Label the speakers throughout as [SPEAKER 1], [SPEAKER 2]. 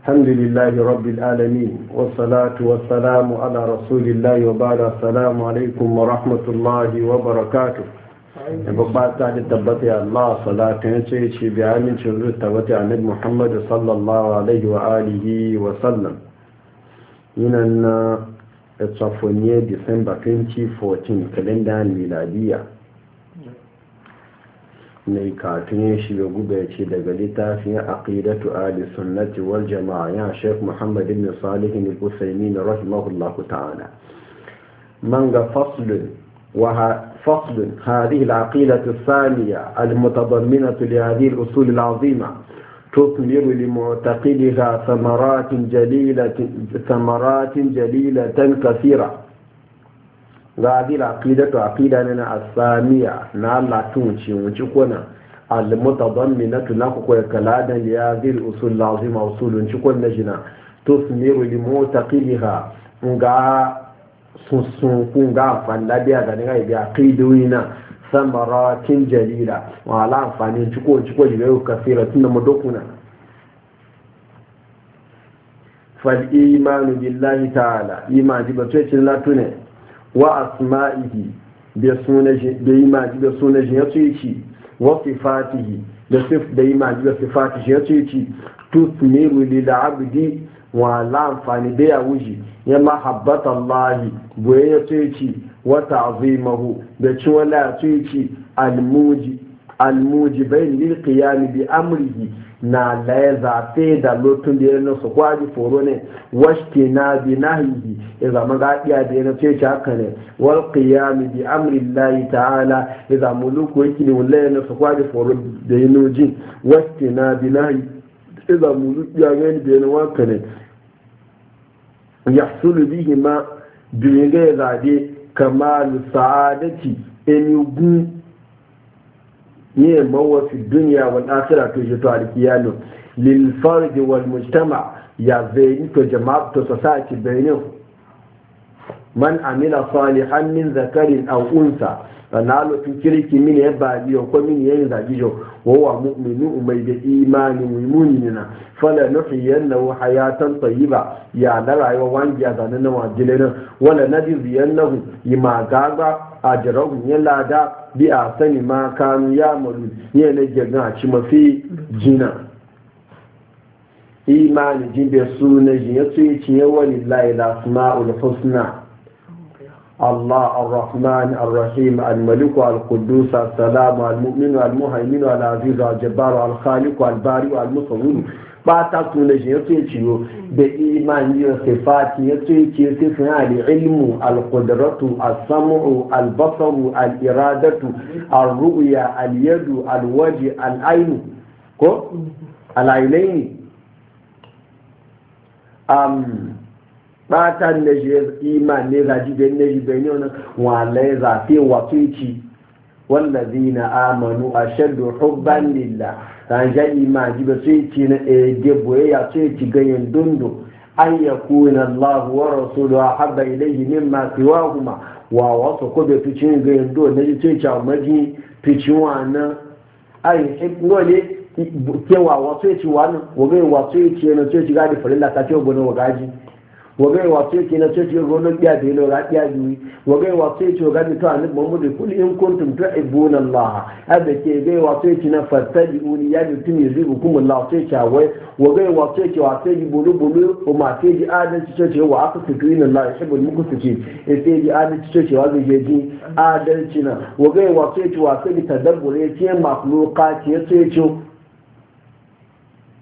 [SPEAKER 1] الحمد لله رب العالمين والصلاة والسلام على رسول الله وبعد السلام عليكم ورحمة الله وبركاته babba ta da tabbatar ya Allah salatu ya ce ce bi amincin rutta wata annabi Muhammad sallallahu alaihi wa na 2014 kalendar miladiya mai katon shi ya gube ce daga littafin aqidatu ahli sunnati wal jama'a ya Sheikh Muhammad ibn Salih ibn Usaymin rahimahullah ta'ala man ga fasl wa fasl hadhihi al aqidatu thaniya al mutadamminatu li hadhihi al usul al azima تثمر لمعتقدها ثمرات جليلة ثمرات جليلة كثيرة غادي العقيدة عقيدة لنا السامية نالا تونشي ونشكونا المتضمنة لكو كلادا لهذه الأصول العظيمة أصول ونشكونا جنا تثمر لمعتقدها نغا sunsunkun ga amfani labiya ga nira ibi aqidoyi na samaratin jalila wala amfani ciko ciko jiga yau kasira tun da madokuna fal imanu billahi ta'ala iman ji ba tuwe cin latune wa asma'ihi da da sunaji ya ce ci da sifatihi da imaji da sifatihi ya ce ci tusmiru lil abdi wa la amfani da ya wuji ya mahabbata Allahi boye ya ce ci da ci wala ya ce ci almuji almujibain lil bi amrihi na la zafe da lotun da yana su kwaji foro ne washke na bi nahihi ya zama gaɗiya da yana ce haka ne wal qiyam bi amri llahi ta'ala ya zama luku yake ne wallahi yana su kwaji foro da yana jin washke na bi nahiyi ya zama luku ya gani da yana waka ne yahsulu bihi ma bi ga zabe kamar sa'adati in yugun ne mawa fi duniya wa nasira to je to alkiyano lil farj wal mujtama ya zai to jama'a to society bayanin man amila salihan min zakarin aw unsa na lokacin kirki mini ya e ba yau, ko mini ya yi yau? jo wa mu'minu mai da imani mai muni na fala nufi yanna wa hayatan tayyiba ya na rayuwa wangi a zanen na wajile nan wala na jizi yanna yi ma a jiragun ya lada bi a sani ma kanu ya malu ya na gyagan a ci mafi jina imani jin bai su na jin ya tsoye cinye wani la'ila asma'ul husna الله الرحمن الرحيم الملك القدوس السلام المؤمن المهيمن العزيز الجبار الخالق الباري المصور باتا تولجي بإيمان صفات يتيجي تفنى العلم القدرة السمع البصر الإرادة الرؤية اليد الوجه العين كو العينين أم bata na shi iman ne zaji da ne shi bai ne wala wa wato ci wallazina amanu ashaddu hubban lillah dan ja iman ji ba sai ci na e geboye ya sai ci ganyen dundu an yakuna Allah wa rasuluhu habba ilayhi mimma siwahuma wa wasu ko be tucin ganyen do na ji sai ca maji tucin wannan ai hikmole kewa wasu ci wannan wa gai wasu ci na sai ci gadi farilla ta ce gobe wa gaji wagai wasu yake na sai shiga gonon biya da yana ra biya biyu wagai wasu yake wa gani to annabi muhammadu kul in ta tuhibbuna allah hada ke gai wasu yake na fattabi'uni ya mutum yuzibukum allah sai ta wai wagai wasu yake wa sai bulu bulu o ma sai ji adalci ce ce wa aka fitu inna allah yuhibbul muqsitin e sai ji adalci ce ce wa zai ji adalci na wagai wasu yake wa sai tadabbure ce makhluqat ya sai ce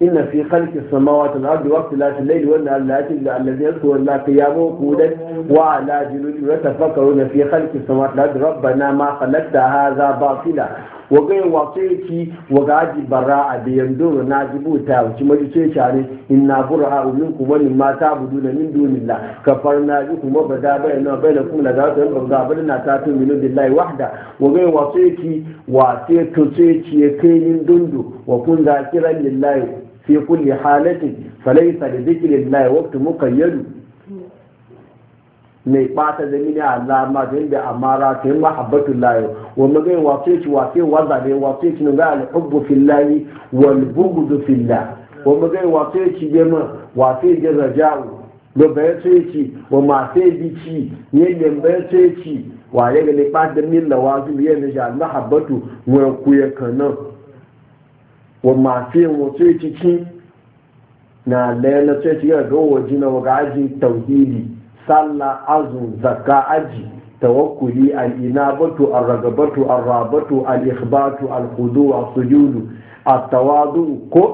[SPEAKER 1] إن في خلق السماوات والأرض واختلاف الليل والنهار لآيات الذي يذكر الله قياما وقعودا وعلى جنوبهم يتفكرون في خلق السماوات والأرض ربنا ما خلقت هذا باطلا wagai wato yake wagaji bara a biyan yandoro na jibuta wuce majice share inna burha umin kuma min ma ta min dunilla kafar na ji kuma ba da bai na kuma da ta tu billahi wahda to ce kai dundu wa kun zakiran lillahi fi kulli halatin falaisa da zikirin lai waktu mukayyadu mai bata da mini alama da inda amara ta yi mahabbatu layo wa magai wafe ci wafe wanda ne wafe ci nuga alhubbu fillahi wal bughdu fillah wa magai wafe ci jema wafe da raja'u da bayan sai ci wa mafe bici yadda bayan sai ci wa ya ga ne bata min lawazu yadda ja mahabbatu wa kuya kanan wa masu yin wasu ciki na lena sai ci ga waje na waga aji tauhidi sallah azu zakka aji tawakkuli al-inabatu ar-ragabatu ar-rabatu al-ikhbatu al-khudu as-sujudu at-tawadu ko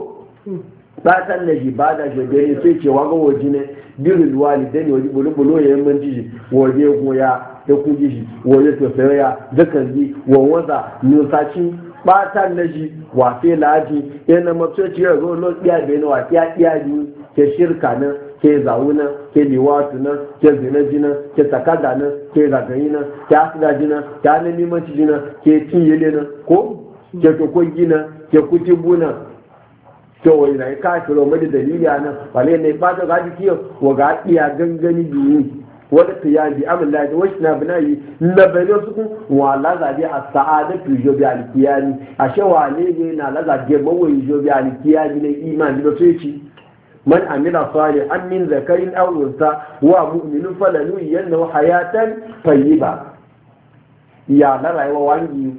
[SPEAKER 1] san na ibada shi gare sai ce waga waje ne birul walidai waje bulubulo ya yamman ji waje goya ya kuji shi waje to sai ya ji wa waza nusaci batan na shi wafe laji yana matsoci ya wani lo a bai na wafe ya tsiya biyu ke shirka nan ke zawu nan ke liwatu nan ke zinaji na, ke takada nan ke zagayi nan ke asidaji nan ke anamimanci nan ke tiyele nan ko ke tokogi nan ke kutubu nan to wani na ka shiro mai dalili nan wale ne ba ta gaji kiyo wa ga iya gangani biyu wani tiyabi amin da wasu na binayi na bayan su wa lazabi a Sa'adatu fi jobi a shawa ne ne na lazabi mawai jobi alikiyani na imani da su ci man amila an min zakarin wa unsa wa mu'minun falanuyannahu hayatan tayyiba ya na rayuwa wangi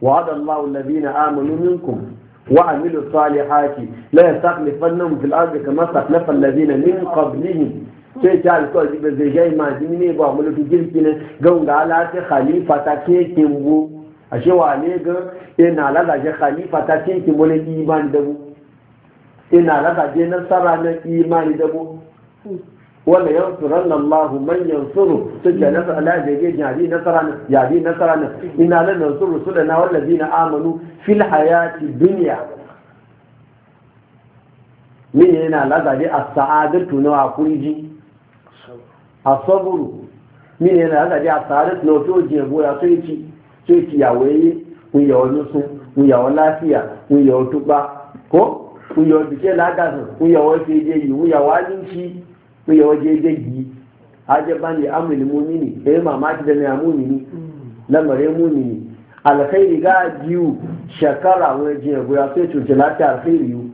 [SPEAKER 1] وعد الله الذين آمنوا وعملوا الصالحات لا يستخلفنهم في الأرض كما استخلف الذين من قبلهم sai ta alkawar da zai gai masu ne ba mulkin girki ne ga ala ta khalifa ta ke kimbo a shewa ne ga ina lalace khalifa ta ke kimbo na iman dabu ina lalace nasara na iman dabu wala yansuranna Allahu man yansuru tunda nasa Allah da yake jadi nasara jadi nasara ne ina la nansuru rusulana wallazina amanu fil hayati dunya min yana lazali as-sa'adatu na akuriji asaburu sabru min yana lazali as-sa'adatu na to je sai to yi to yi yawe kun yawo nusu kun yawo lafiya kun yawo tuba ko kun yawo dike lagasin kun yawo fejeyi kun yawo alinci ko ya waje gaggi haje bani amrul mu'mini da yi mamaki da ya mu'mini lamare mu'mini alkhairi ga jiwu shakara wani jiya guya sai cuce lafiya alkhairi yu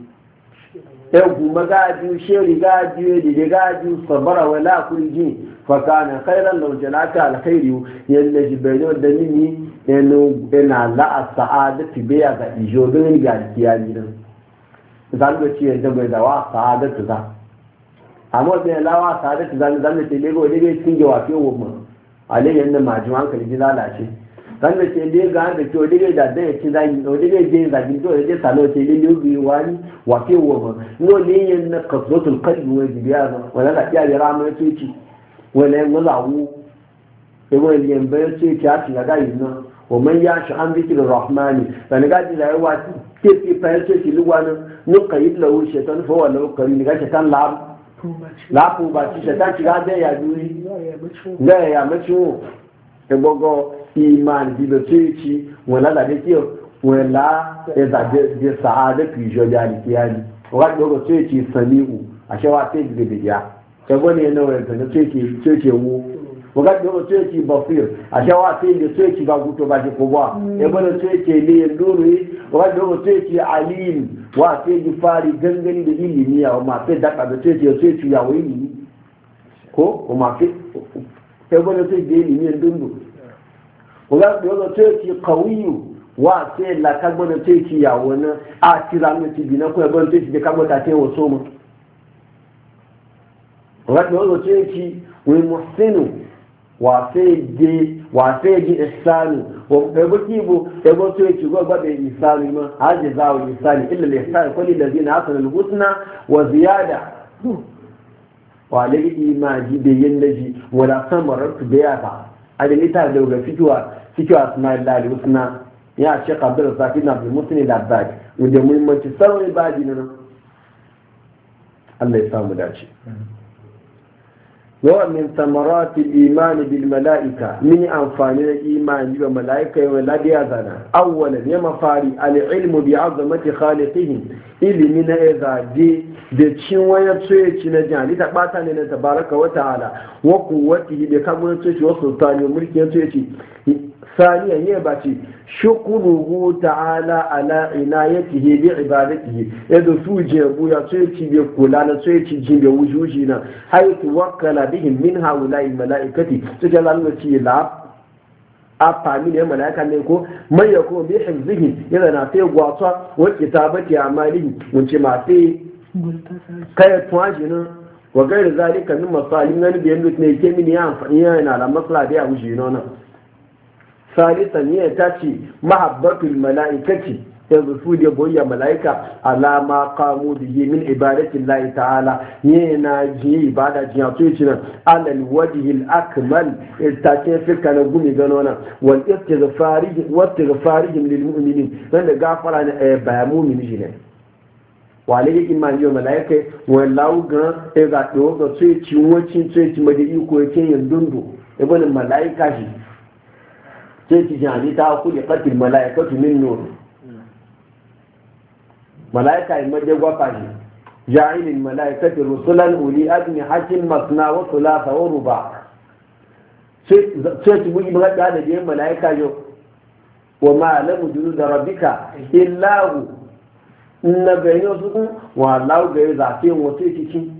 [SPEAKER 1] egu magaju sheri gaju yadda gaju sabara wala kurji fakana khairan law jalaka alkhairu yalla jibayo da nini eno ena la as'adati be ga ijo don ga kiyani dan zan ga ciye da bai da wa sa'adatu za amma da lawa tare da zan zan ce lego ne bai cikin jawafi wa mu alayyan da majin hankali ji lalace zan da ce le ga da to dige da da ci zan to dige je da gin to je salo ce le lu wani wa fi wa mu no ne yan na kasratul wani wa jibiya wani da ya yara mai tuci wala yan zawu e wa yan bai ce ta ci ga yin nan wa man ya shi an zikir rahmani dan ga ji da yawa ke fi fa ce ci luwa nan nuqayyid lahu shaytan fa wala nuqayyid ga láàpù bàtí ṣẹ̀tàkì lábẹ́ ìyàjú rí bẹ́ẹ̀ àmẹ́tí wọn ẹgbọ́gọ́ ìmọ̀ àdìbò tó yẹ kí wọn ládàdé kí wọn lá ẹ̀dàjẹ sàárẹ̀ kì í ṣọjà àdìkíyà ni wọn láti gbọ́gọ́ tó yẹ kí sàn ní ìhù àṣẹwà tó yẹ kí gbèdè yá ẹgbọ́n ni ẹ̀nà ẹ̀gbẹ̀rún tó yẹ kí owó wakati dogo ba ki basir asha wa tende tuye ki baguto baje kubwa ebono tuye ki le nduru wakati dogo tuye ki alim wa tende fari gangani da ilimi ya ma fe da ka tuye ki tuye ki ya ni? ko o ma fe ebono tuye ki ilimi ndundu wakati dogo tuye ki qawiyu wa se la kagbona ki ya wani a tiranu ti bina ko ebono tuye ki de ta te wo so mu Wa dogo ki wani muhsinu wase ji isani ebo ti bu ebo to e chugo gba be isani ma haje za o isani illa li isani kulli ladhi na asana lhusna wa ziyada hmm. wa le bi ma ji da yen le ji wa la samara tu be ya ba a ni ta de o ga fitwa fitwa na illa li husna ya ce ka be sa ki na bi musni da ba ji u de mu mu ti sawi ba ji na Allah ya samu dace wa'amin samarati imani bil mala'ika min amfani da imani ga mala'ika yau ladi ya zana awwalan ya mafari al'ilmu bi azamati khaliqihim ilimi na ya zage da cin waya tsoyaci na jihar ita bata ne na tabaraka wa ta'ala wa kuwati da kagunan tsoyaci wa sultani wa mulki ya ثانيا يباتي شكره تعالى على عنايته بعبادته يدو سوجي بويا سويتي بيكولانا سويتي جيب وجوجينا حيث وكل بهم من هؤلاء الملائكة سجل الله لاب afa mini yan ne ko mai ya kuma bi hifzihi yana na sai gwasa wa kitabati amalihi mun ce ma sai kai tuwajinin wa gairi zalika min biyan ke mini ya yana da masala da wuce nan ne ya ta ce mahabbatul mala'ikati yanzu su da boyya mala'ika alama kamo da yi min ibadatin layi ta'ala ne na ji ibada ji a yace nan alal wajhil akmal istake fika na gumi gano nan wal istighfari wa istighfarihim lil mu'minin dan da gafara ne eh, ba mu'mini shi ne wale yake imani mala'ika wallahu ga e ga do ga sai ci wacin sai ci madi iko yake yin dundu ibn mala'ika shi sai ki jani ta kuli qatil malaikatu min nur malaika in maje gwafa shi ja'ilil malaikati rusulan uli adni hakim masna wa thulatha wa ruba sai ki bugi ba da biyan malaika yo wa ma lamu junud rabbika illa hu na bayyana su wa lau ga za fi wato kici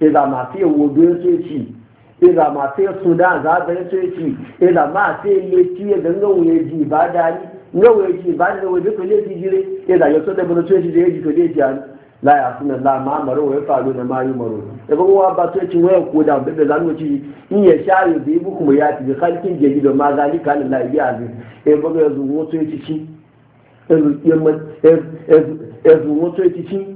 [SPEAKER 1] idan ma fi wudu sai ci ila ma sai sudan za a yi sai ci ma sai leci ya ganga wuye ji ba da ni nga wuye ji ba da wuye ko leci jire ila ya so da na sai ji da ji to da ji an la ya suna la ma maro ya faru da ma yi maro da ba wa ba sai ci waya ko da da zan wuce in ya sha ya bi bu kuma ya ci halkin jeji da ma zalika e ba ga zuwa sai ci ci e sai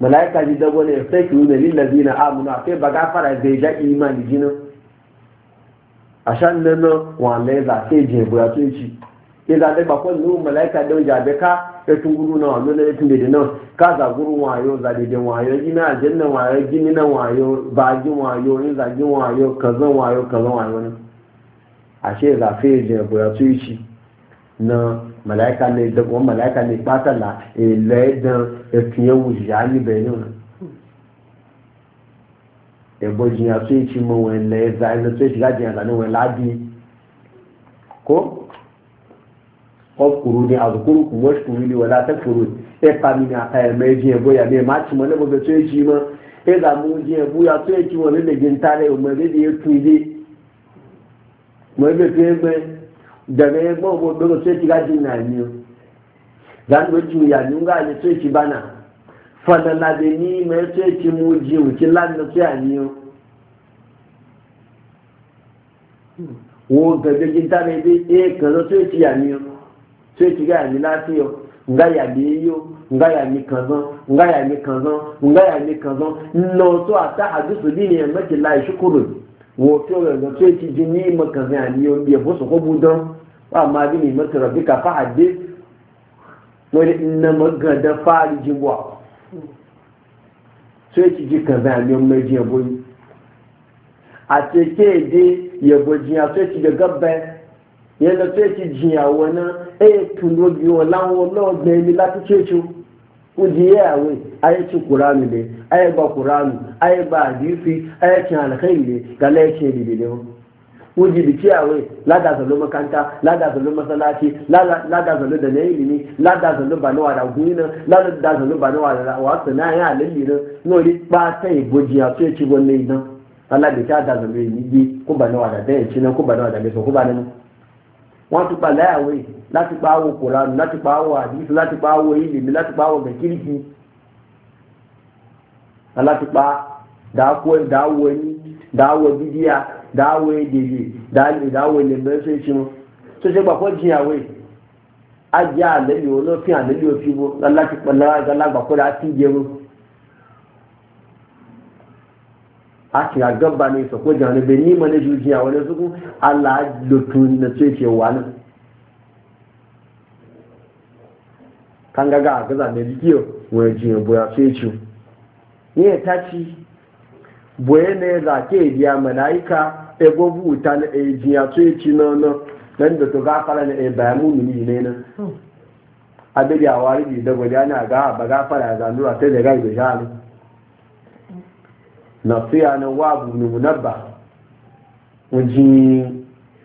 [SPEAKER 1] malaika ji dago ne sai ki nuna lillazi na amuna sai ba gafara zai ja imani jinin a shan nan wa laiza sai je buratun ci ila dai ba kon nu malaika don jabe ka ya tunguru na wannan ne tun da nan ka za gurun wayo za da wayo ina aljanna wayo gini na wayo bagin wayo in zagin wayo kazan wayo kazan wayo ne ashe za sai ci na malaika ne da kuma malaika ne patala ile da efiye wuja ni benin ebo jiya so yi ci mo wen le za yi ga jiya la ni labi ko ọkùnrin ni àzùkúrú kù wọ́n ṣùkúrú ne wọ́n látẹ́kùrú ẹ̀ka mi ni àka ẹ̀mẹ́ ẹ̀jì ẹ̀bóyà mi ẹ̀má tì mọ́ ní gbogbo tó ẹ̀jì mọ́ ẹ̀dà mú ẹ̀jì ẹ̀bóyà tó ẹ̀jì wọn lé lè gbé ń tarẹ̀ ọmọ ẹ̀dẹ́dẹ́ ẹ̀kú ilé mọ́ ẹ̀bẹ̀ tó daga ya gbogbo dogo sai ki gaji na ni o. do ji ya ni ga ni sai ki bana fada na be ni me sai ki mu ji u ki lan na sai wo ga ga jin ta ne bi e ka zo sai ki ya ni sai ki ga ni la fi yo nga ya bi yo nga ya mi nga ya mi nga ya mi kan zan no to ata hadisu dini ya e, maki la e shukuru wo to ga sai ki ji ni makan ya e so ko wa ma bi ni mata ka fa hadith wani inna magada fari jibwa sai ki ji kaza ne mai jiya boyi a teke de yabo jiya sai ki ga gabbe yanda sai ki jiya wani eh tuno bi wala wala ne mi la tu chechu ku jiya we ayi ci qur'ani ne ayi ba qur'ani ayi ba hadisi ayi ci alkhairi ne ga lai ce ne ne wuji biki yawe lada zalo makanta lada zalo masalaci lada zalo da na ilimi lada zalo ba na wada guna lada zalo ba na wada wasu na ya lalli na nori ba ta yi boji a ce ci gwanne idan Allah da ta da zalo yi yi ko ba na wada da yanci na ko ba na wada da so ko na wọn ti pa láyàwé láti pa awo kòránù láti pa awo àdìsí láti pa awo ilimi láti pa awo gẹkiriki láti dáwọ̀ bídíà dáwọ̀ èdèlè dáwọ̀ dáwọ̀ ìlẹ̀mẹ́ ṣe ṣe wọn tó ṣe gbàgbọ́ jìyàwó ajá àlẹ́lẹ́ olófin àlẹ́lẹ́ òfin wo láti pẹ̀lú alágbàkọ́dá ti jẹun a ti gaba ne su ko jani bai nima na jujiya wani suku Allah da na ce ce wani kan gaga a gaza mai jikiyo wani jiya buya ce tashi boye ne za ke biya malaika e gobu ta na e jiya to na e ci nono da to gafara ne e ba mini ne nan abin ya da na ga ba gafara za nura ta da gai da jali na wabu ni munabba wajen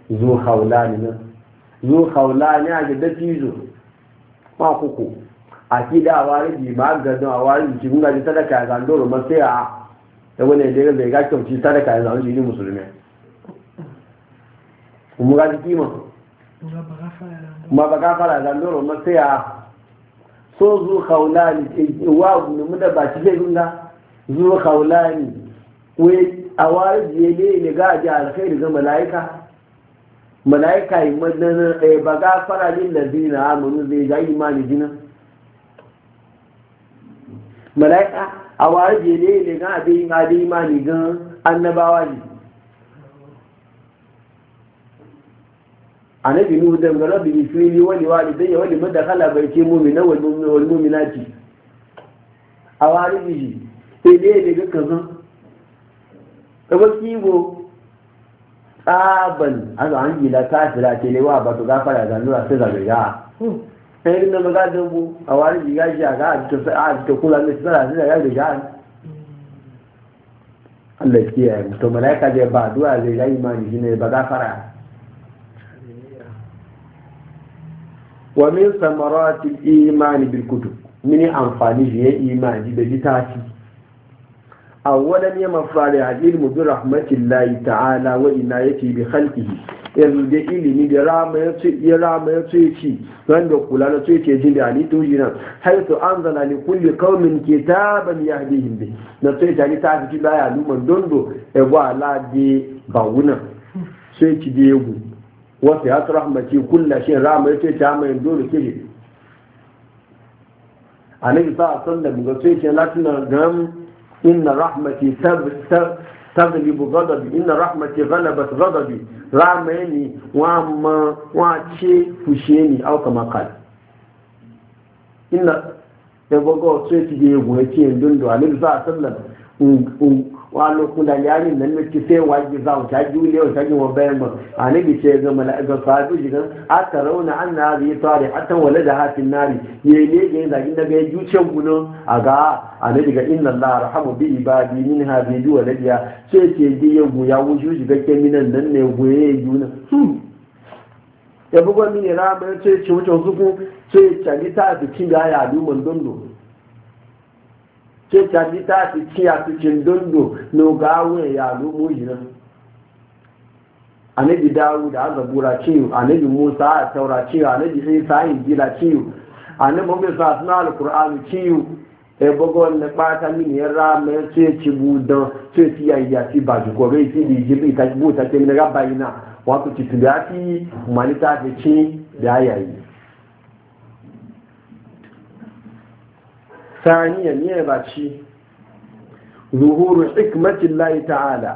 [SPEAKER 1] zo na nan zu haulani a da dafi zo ma a kida a wari bi ma gadon a da e wani da bai ga kyauci ta da kayan zaun yi musulmi kuma ga ji kima kuma ba ka fara da ndoro ma sai a so zu khawlani e wa mu da ba ci zai dunga zu khawlani wai a wari jele ne ne ga ji alkhairi ga malaika malaika yi madana eh ba ga fara lil ladina amanu zai ga imani jina malaika a wari jele ne gan abin abin imani gan annabawa ne annabi nuhu da ga rabbi fili wani wani dan ya wani mada kala bai ce mu'mina wal mu'minati a wari jiji ele ne ga kazan kamar kibo tsaban an zo an gila kafira ce ne wa ba su gafara zanura sai zagaya sai na maza dambu a wani jiga shi a ga a jika kula mai tsara shi da ya da sha'ani Allah ya kiyaye mutum malaika zai ba addu'a zai ga imani shi ne ba za fara wa min samarati imani bil kutu, mini amfani shi ya imani da litafi awwalan ya mafari hadil mu bi rahmatillahi ta'ala wa ina yake bi khalqihi yanzu da ilimi da rama ya ce ya rama ya ce ci wanda kula na ce ce jin da ali to jinan hay to anzala li kulli qaumin kitaban yahdihim bi na ce ta ni ta fi da ya luman dondo e wa la de bawuna sai ci de gu wa fi hat rahmati kullu shay rama ya ce ta mai dole kire annabi sa san da mu ga sai ce latin gam inna rahmati taglibu ghadabi inna rahmati ghalabat ghadabi ramayni wa ma wa ce fusheni au kama kal inna da gogo sai ki je goye ki ndun do alim za sallam wani kuna yari nan ne ki sai wa za zawo ta ji ne ta ji wa bayan ba annabi ce ga mala'ika sabu kan a ta rauna anna a ta wale da hafin nari yi ne ga yin zagin daga juce guno a ga a annabi ga inna allaha rahamu bi ibadi min na biya ce ce ji ya guya wuce shi ga minan nan ne goye juna. Hmm. ya bugo mini ra ba ce ce wuce su ku ce ta ta cikin ga ya du mun dondo ke caji ta fi ci a cikin dundu no gawe ya lumu jina anabi dawo da aka bura ciwo anabi musa a taura ciwo anabi isa yin gila ciwo anabi mai sa suna alkur'anu ciwo e bogo wanda bata mini ya rama ya ce ci budan ce ci ya yi ci ba ji gobe ci di ji bi ta buta ce mini rabba yana wato ci tu da ci mani ta fi ci da yayi ثانيا يباشي ظهور حكمة الله تعالى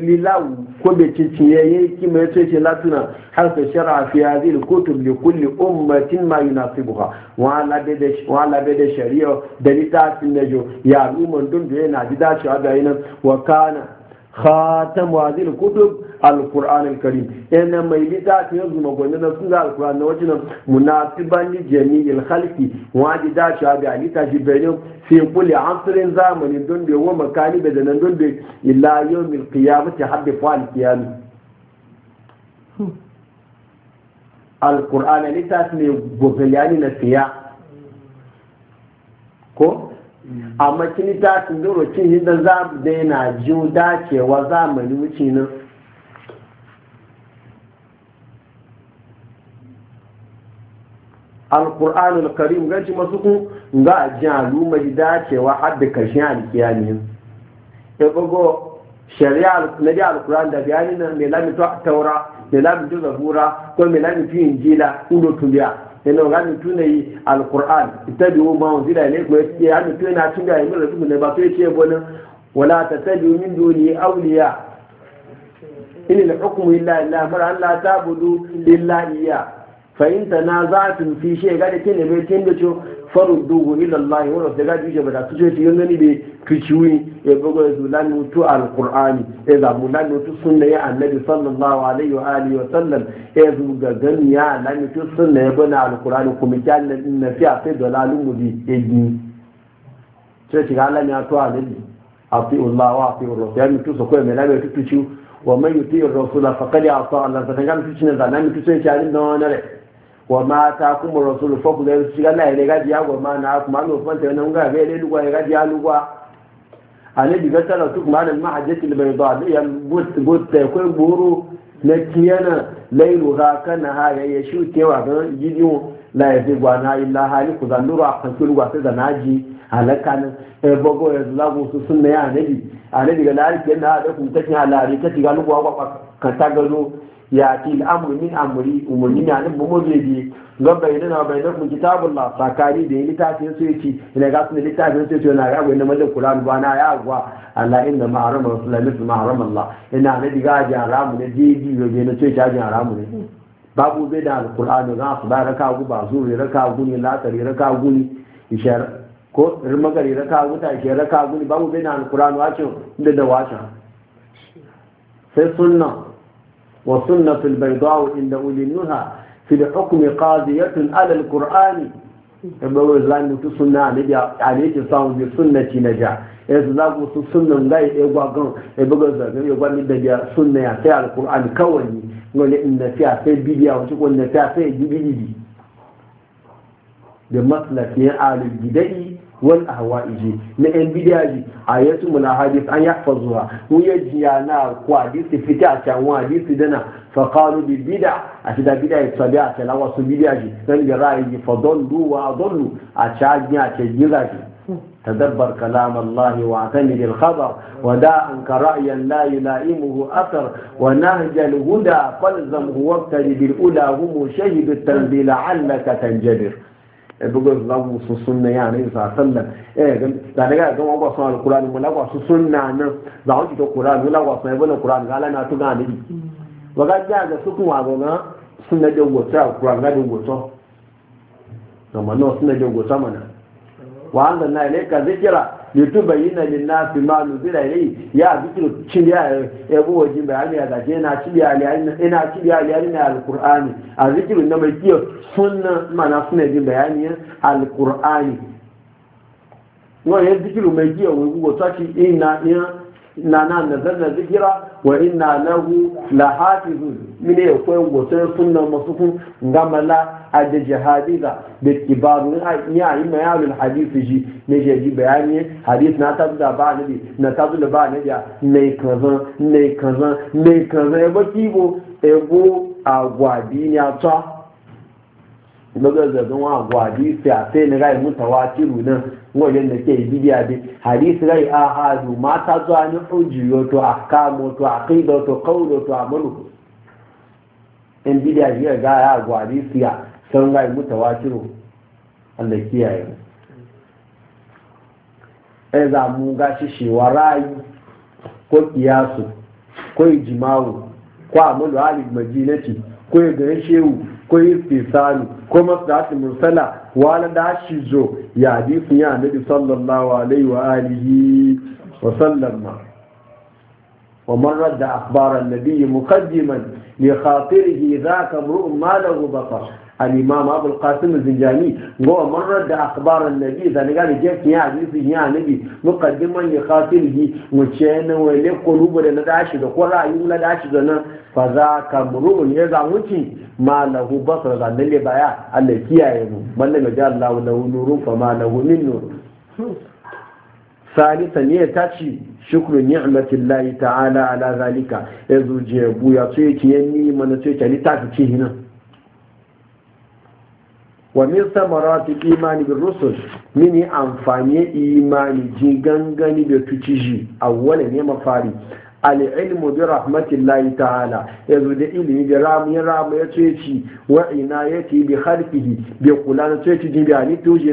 [SPEAKER 1] lilawu ko bai cinciyayye kima ya ce latuna har ta shara fi ya zai kutub li kulli ummatin ma yunasibuha wa labe da shari'a da littafin na jo ya al'umman dun da yana ji dacewa da yanan wa kana khatam wazil kutub alquran alkarim ina mai littafi yanzu magwani na sun ga alquran na wajen munasiban li jami'il khalqi wadi da shi ga alita shi bayanin fi kulli asrin zamanin don da wa makani da nan don da illa yawmil qiyamati habbi fa'al littafi ne na siya Mm. amma kini ta sun doro cin shi da za mu daina ji dacewa zamani wuce nan alkur'an alkarim ganci masu ku ga ajiyar al'ummar dacewa har da karshen alkiyami ya gogo shari'a na da alkur'an da bayani na mai lamito taura mai lamito zabura ko mai lamito injila kudo tuliya yana ga mi tuna yi alquran ittabi'u ma unzila ilaykum ya mi tuna tuna yi mun rasul ne ba sai ce bonin wala tatabi'u min duni awliya in al hukmu illa lillah mar an la tabudu illa iyyah fahimta na za a fi shi ga da kene bai kende cho faru dogo ila Allah wa rasul ga duje ba da su ce yin gani be tuciwi e bugo su lan mutu alqur'ani e za mu lan mutu sunna ya annabi sallallahu alaihi wa alihi wa sallam e zu ga gani ya lan mutu sunna ya bana alqur'ani kuma kan na fi a sai dalalun mu bi e gi ce ci ga lan ya to alaji afi Allah wa afi rasul ya mutu so mai me lan mutu tuciwi wa man yuti rasul faqad ata Allah ta ga mutu ne da lan mutu sai ci alin da wani wa ma ta kuma rasul fa ku shiga na ile gaji ya goma na kuma no fanta nan ga ga ile lugwa ya gaji ya lugwa ale diga na tuk ma nan mahajjatil bayda ya but but ko buru na kiyana lailu ha kana ha ya ya shutewa ga gidiyo la ya digwa na illa hali ku zan zalluru a kan lugwa sai da naji halaka nan e bogo ya go su sunna ya nabi ale diga la ya na da ta takin halari ta diga lugwa kwa ka ta tagalo ya fi al'amur min amuri umarni ne anin bumu zai biye don bayyana na bayyana kun kitabun la sakari da ya littafin su yake ina ga suna littafin su yake na ga wani majalin kuran ba na ya gwa Allah inda ma'aram rasulullahi su ma'aram Allah ina na diga ajin aramu ne ga yobe na ce ajin aramu ne babu bai da alkur'ani za su ba raka gu ba zuri raka gu ne latari raka gu ne ishar ko magari raka gu ta ishar raka gu ne babu bai da alkur'ani wacin inda da wacin sai sunna وسنة البيضاء عند أولي النهى في الحكم قاضية على القرآن يبقى الإسلام تسنى عليك صاحب بسنة نجاح yanzu za ku su sunan gai ya gwagon ya buga zagar ya gwani da biya sunna ya sai alkur'an kawai ne wani inda sai bidiya wace wanda fiya sai gidi gidi da maslakin alul gidai والأهوائجي من بدياجي آيات من الحديث أن يحفظها ويجيانا قواديس فتاة وعديس دنا فقالوا ببدع أشد بدع الصبيعة لو سبدياجي من يرائي فضلوا وأضلوا أشعجني أشجراجي تدبر كلام الله واعتمد الخبر ودا أنك رأيا لا يلائمه أثر ونهج الهدى فلزمه وابتدي بالأولى هم شهد التنبيل لعلك تنجبر bugun lagu su sunna ya ne sa sallan eh gan da daga ga wa sun alqur'ani mu lagwa su sunna nan za ku ta qur'ani mu lagwa sai bana qur'ani ga lana ga ne wa ga ja ga su na sunna da wata ga da wata to manno sunna da wata na wa litubayyana linnasi ma nuzila ilayhi ya zikiru ciliya yabo wajin ya zaje ina ciliya aliyani ina ciliya aliyani na alqur'ani a zikiru na mai kiyo sunna mana sunna jin bayani alqur'ani no ya zikiru mai kiyo wugo tachi ina nana nazarna zikira wa inna lahu la hafizun mine ya koyi gotar sunna masu kun gamala a da jihadiza da kibaru ya yi mai yalul hadisi ji ne je ji bayani hadis na tabi da ba nabi na tabi da ba nabi ne kaza ne kaza ne kaza ya ba kibo ego agwabi ne a daga zazzabin wa a sai na rai mutawatiru nan wajen da ke bidiya bi hadisi rai ahadu hadu mata zuwa ni ujiyo a kamo a kaido to a malu in bidiya biyar ga ya abu hadisi rai za mu ga shi shi rayu ko kiyasu ko ijimawu ko istisani ko masdati mursala wala da shi zo ya hadisi ya nabi sallallahu alaihi wa alihi wa sallam ومن رد أخبار النبي مقدما لخاطره ذاك امرؤ ما له بصر الإمام أبو القاسم الزنجاني هو من رد أخبار النبي إذا نقال جيف يا عزيز يا نبي مقدما لخاطره وشين ولي قلوب لنا داشد وقراء يولا داشد فذاك مرؤ يزع وشي ما له بصر ذا نلي بايا اللي كيا يمو من لم يجعل الله له نور فما له من نور ثالثا يتاتي شكر نعمة الله تعالى على ذلك يزوج جيبو يا يني من تيتي لتاتي هنا wa min samarati imani bin rusul mini amfani imani ji gangani da tuciji awwala ne mafari al'ilmu bi rahmatillahi ta'ala yanzu da ilimi da ramin ramu ya wa ina ya bi harfihi bi kula na ce ci jibi a ni tuji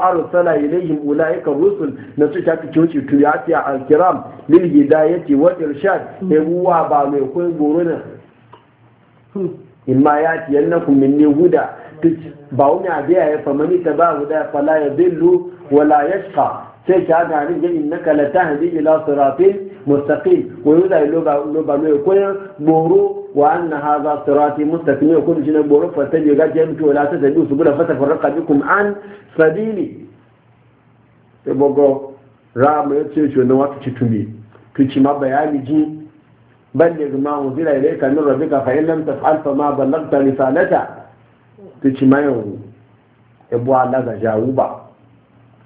[SPEAKER 1] arsala ilaihim ulaika rusul na su shafi coci tuyati a alkiram lil hidayati wa irshad ebuwa ba mai kun goro hmm. imma ya tiyannakum minni huda ba wani abiya ya famani ta ba guda fala ya billu wala ya shka sai ta gani ga inna kala ta hadi ila siratin mustaqim wa yuda ilo ba lo ba lo ko boro wa anna hadha sirati mustaqim ya kun jina boro fa ta ga jam to la ta tabi subula fa tafarraqa bikum an sabili e bogo rama ya ce shi wannan wata citumi kici ma bayani ji balle ma unzila ilayka min rabbika fa in lam taf'al fa ma ballaghta risalata ta ci mayan ebu Allah ga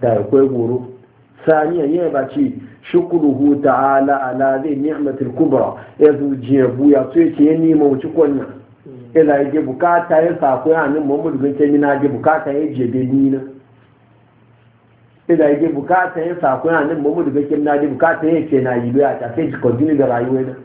[SPEAKER 1] da goro e saniya yin ba ce shukuru ta'ala ala zai kubra e ya zuji ya buya so ya nima wuce kwanna ila mm. e ya bukata ya sako ya nan mamu kemi na bukata ya je nina ila ya je bukata ya sako kemi na bukata ya na yi doya ta sai da rayuwa na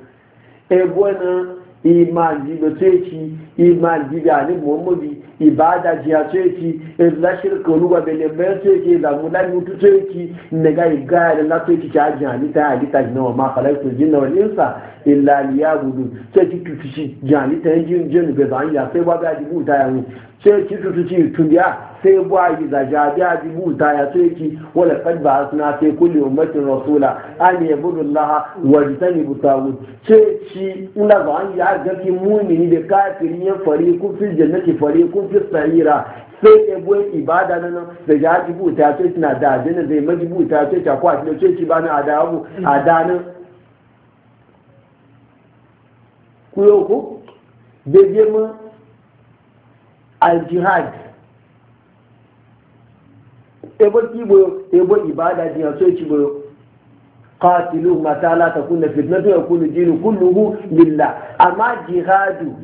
[SPEAKER 1] e bona iman ji da sai ki iman ji ibada jiya tsoyeki la shirka oluwa bele mai tsoyeki la mula mutu tsoyeki nega igaya da la tsoyeki ta ajin halitta halitta jina wa ma kala to jinna wa insa illa liyabudu tsoyeki tufishi jin halitta yin jin jin ga zan ya sai wa ga dibu ta yawo sai ki su ci tubiya sai buwa yi zaja biya bi buta ya sai ki wala kan ba suna sai kulli ummatin rasula an yabudu allah wa yajtani butawu sai ci ina ba an ya ga ki mu'mini da kafiri ya ku fi jannati ku fi sahira sai ke buwa ibada nan da ya ji buta sai tana da dana zai maji buta sai ta kwa sai ci na adabu adanan kuyo ku da aljihad ebo kibo ebo ibada jiya so kibo qatiluhu mata la takuna fitnatu yakunu dinu kulluhu lillah amma jihadu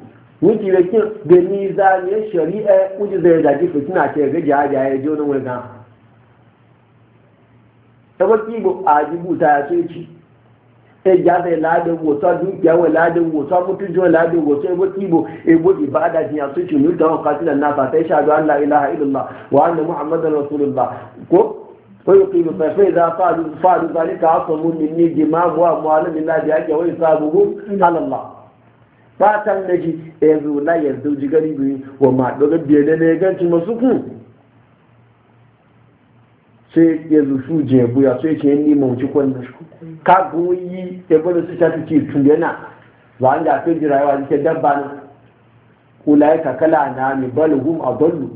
[SPEAKER 1] miki da kin da mizaniyar shari'a kuji zai zaki fitina ce ga jihadi ya je wani wani kan ebo kibo ajibu ta ya so kibo ẹja bẹ láàdé wòtọ́ dúkìá wẹ láàdé wòtọ́ mútújọ́ láàdé wòtọ́ ebó tìbò ebó ìbáàdà jìyàn tó tì ní na kásílẹ̀ náà fàtẹ́ ṣáàdù àlá ilaha illallah wa anna muhammadu rasulullah kó ó yẹ kiri fẹfẹ ìdá fáàlù fáàlù balẹ̀ ká sọ mú mi ní jì máa bọ́ àmọ́ alámìlá di àjẹ́ wọ́n ìfẹ́ àbúrú na pátá nẹ́jì ẹ̀rù láyẹ̀ sai ya zufu je buya sai ke ni wuce ci kwanna ka goyi ya bada su tafi ci tun yana ba an da fi jirawa ke dabba ne ulai ka kakala na mi balhum adallu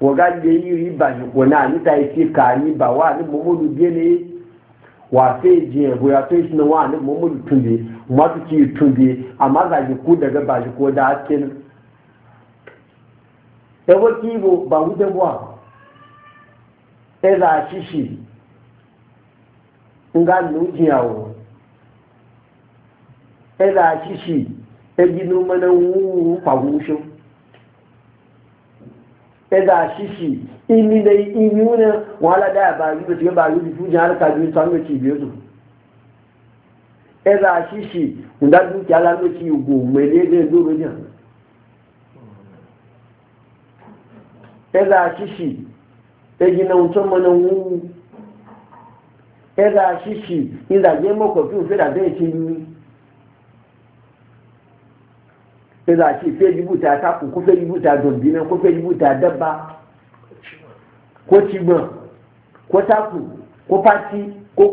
[SPEAKER 1] wa ga je yi riba ni ko na ni yi ci ka ni ba wa ni mu mudu je ne wa sai je buya sai shi na wa ni mu mudu tun bi ma su ci tun bi amma ga ku daga ba ko da hakin ẹwọ́ ba ibo bàwúdẹ́ wà ẹ̀rà àṣìṣì nga ló jìyà wọ̀ ẹ̀rà àṣìṣì ẹ̀jìnú mẹ́rin wúwú pàwúṣọ́ na ìní wọn wọn aládàá bàálù tó ti gbé bàálù tó fún jẹ́ alákàdé tó ń lọ́tì ìbí ọ̀tún ẹ̀rà àṣìṣì ǹdádúkìá lálọ́tì ògùn ne lóró ní ẹ̀dà ṣíṣì ẹ̀jìnà òtún mọ́nà wúwú ẹ̀dà ṣíṣì ìdàjẹ́ mọ́kọ̀ tí òfin àti ẹ̀ṣẹ̀ yìí ẹ̀dà ṣì fẹ́ jìbùtà sápò kó fẹ́ jìbùtà dòbìnà kó fẹ́ jìbùtà dẹ́ba kó ko kó ko kó ko kó ko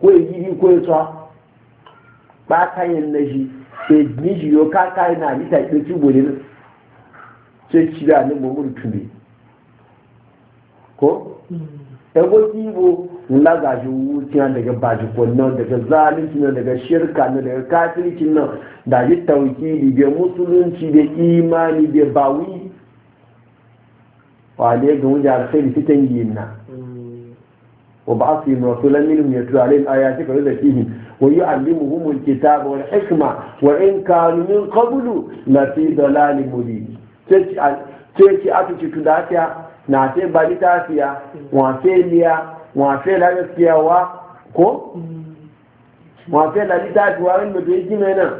[SPEAKER 1] kó èyí ní kó yi pátá yẹn lẹ́yìn èdè níjì yóò ká káyìn náà níta ìpẹ́tù gbòdì ce ci da ni mu mun tumi ko da go tibo na ga ju tiya daga baji ko non daga zalimi ne daga shirka ne daga kafirci ne da yi tauhidi ga musulunci da imani da bawi wale ga mun ya sai da cikin yinna wa ba ba'athi rasulan minhum yatlu alayhim ayati fa yuzakihim wa yi alimu yu'allimuhum alkitaba wal hikma wa in kanu min qablu la fi dalalin mubin sai ki aka ci na sai bari tafiya wa sai liya wa sai la wa ko wa sai la litafi wa wani mutum yake mai nan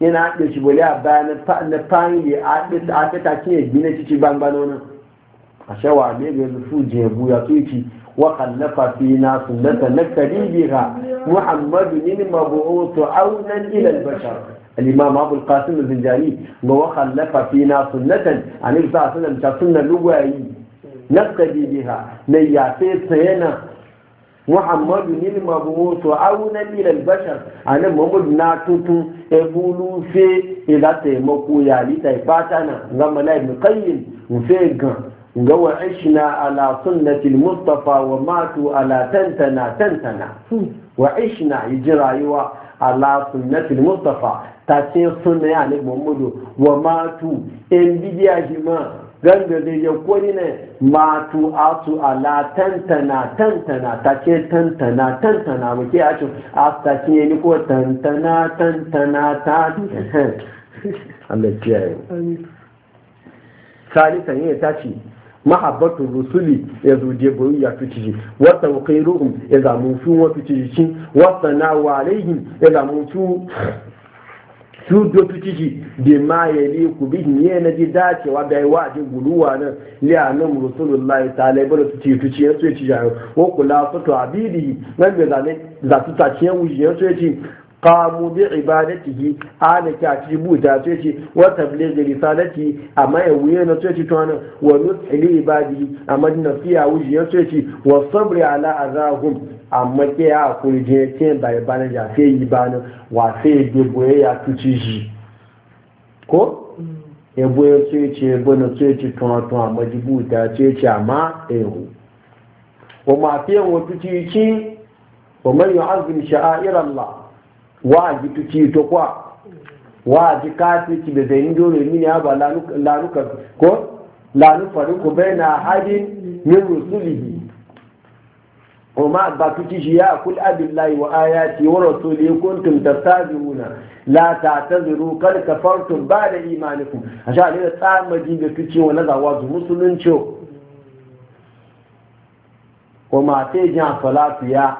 [SPEAKER 1] yana haɗe shi bole a baya na fahimli a haɗe ta cinye gina cici bangbano nan a shawa ne ga yanzu su je buya su ci wa kallafa fi na sunnata na karibiha muhammadu ne mabu'utu aunan ilal bashar الإمام أبو القاسم الزنجاني وخلف فينا سنة عن النبي صلى الله عليه وسلم كسنة لغوي نقتدي بها نياتي سينا محمد المبعوث عونا من البشر أنا محمد ناتوتو ebulu fe ila taimako yali ta fata na ga malai mu kayyin mu fe gan ga wa ala sunnati mustafa wa matu ala tantana rayuwa ala sunnatul mustafa ta ce suna ya ne muhammadu wa matu in bidiya shi ma ganga zai ya kori ne matu asu ala tantana tantana ta ce tantana tantana muke a cikin a ta ce ni ko tantana tantana ta Allah kiyaye ne ta ce mahabbatu rusuli ya zuje boyi ya fi ciki wata wakairuhum ya zamu fi wa ciki wata na walehin ya zamu fi su dotu ciki bi ma ya li ku bi ne na ji dacewa da yi wa'adi guluwa nan li anan rasulullahi ta'ala bar su ci tuci ya so ci jayo wa kula su to abidi nan da zane za su ta ciyan wuji ya so ci qamu bi ibadatihi ala ka ci buta so ci wa tabligh risalati amma ya wuye na so ci to nan wa nusli ibadi amma fiya wuji ya so ci wa sabri ala azahum amma ke ya hakuri je ke bai bana ya fe yi bana wa fe de boye ya tuci shi ko e boye su ce e boye su ce tun tun amma jibuta ce ce amma ehu wa ma fi yan wata tuci wa man yu'azzim sha'air Allah wa ji tuci to kwa wa ji kafi ki da zai dole mini ya ba lanuka ko lanu faruku na hadin min rusulihi وما بكتش يا كل أب الله وآياته ورسوله كنتم تستهزئون لا تعتذروا قد كفرتم بعد إيمانكم عشان إذا تعمل جيب كتشي ونزع واجه مسلم شو وما تيجي عن صلاة يا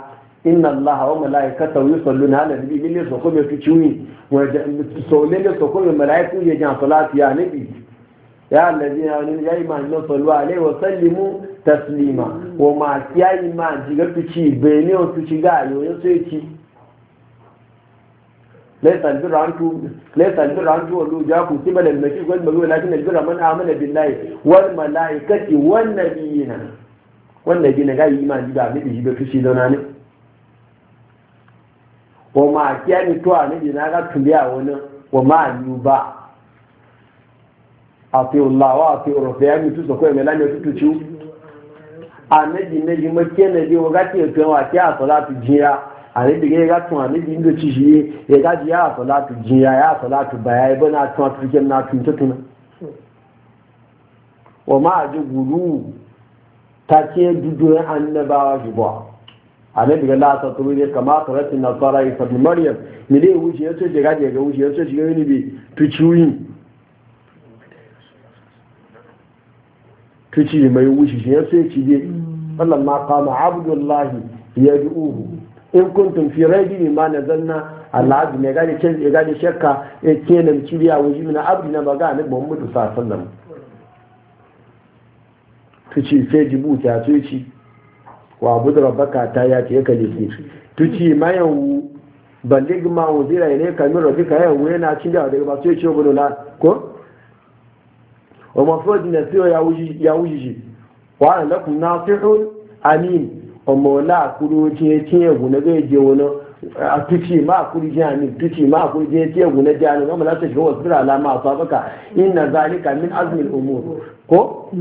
[SPEAKER 1] إن الله وملائكته يصلون على النبي من يسوكم يكتشوين ويجعل سولين يسوكم الملائكة يجي عن صلاة يا نبي ya allazi na wani ya yi mani masalu a laiwa sallimu taslima wa ma ya yi ma shiga su ci bai a yoyo su yi ci laisan bi rantu wa lujja ku ci balin mafi gwal mafi wa lafi na bi raman amana bin layi wal mala'ikati wannan na wannan biyi na ga yi ma jiba mai bishi bai fushi zauna ne wa ma kiyani to a nabi na ga tumbiya wani wa ma ba àti òláwà àti òròfẹ́ àmì tó sọ̀kọ́ ẹ̀mẹ́ lámì òtútù tí ó àmẹ́jì méjì mọ́ kí ẹ̀nà bí wọ́n tí ẹ̀kọ́ wọn àti àtọ̀ láti jìnra àmẹ́jì gẹ́gẹ́ gá tún àmẹ́jì ń lò tí ṣe yé ẹ̀gá di àtọ̀ láti jìnra àtọ̀ láti bàyà ẹbọ́ náà tún àti fíjẹ́ náà tún tuntun wọ́n máa di wùrú tàkí dúdú annabawa jùbọ̀ àmẹ́jì gẹ́gẹ́ látọ̀ tó wíjẹ́ kàmá àtọ̀rẹ́sì tuci mai wuce shi ya sai ci dai wannan mm. ma kama abdullahi ya uhu in kuntum fi raibi ma zanna Allah azu ne ni ce ya gane shakka ya ce nan ciriya wuji mina abdi na maga ne Muhammadu sallallahu alaihi wasallam tuci sai buta ya tuci wa da rabbaka ta ya ce kale shi tuci mayan balig ma wuzira ne kamar rabbika yana cin da daga ba sai ce bulo na ko ومفروض نسيو يا وجيجي وأنا لكم ناصح أمين ọmọ ọlá àkúrú tí ẹ tí ẹ̀wù náà gẹ́gẹ́ jẹ wọn náà àtúntì máa kúrú jẹ́ àmì àtúntì máa kúrú jẹ́ tí ẹ̀wù náà jẹ́ àmì ọmọ láti ṣe wọ́n síbíra àlá máa sọ abẹ́ka iná zaali ka min azmi umur ko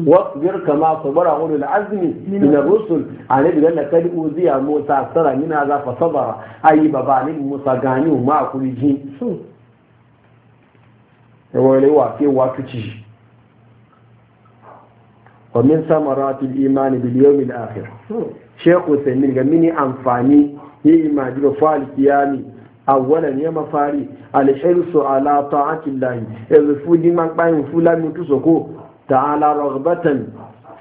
[SPEAKER 1] wọ́n bẹ̀rẹ̀ ka máa sọ bọ́ra àwọn olùlà azmi iná rusul àní bìrẹ̀ na kẹ́lí ozi à musa sára nínú àzá fasọ́bara ayé bàbá àní musa gani ò máa kúrú jí. ẹ̀wọ̀n ilé wà fi wà tutù yìí. ومن ثمرات الإيمان باليوم الآخر شيخ وسيمين قال مني أنفاني هي يما جلو فالكيامي أولا يا مفاري على حرص على طاعة الله يزفو فودي من قائم فولا متسكو تعالى رغبة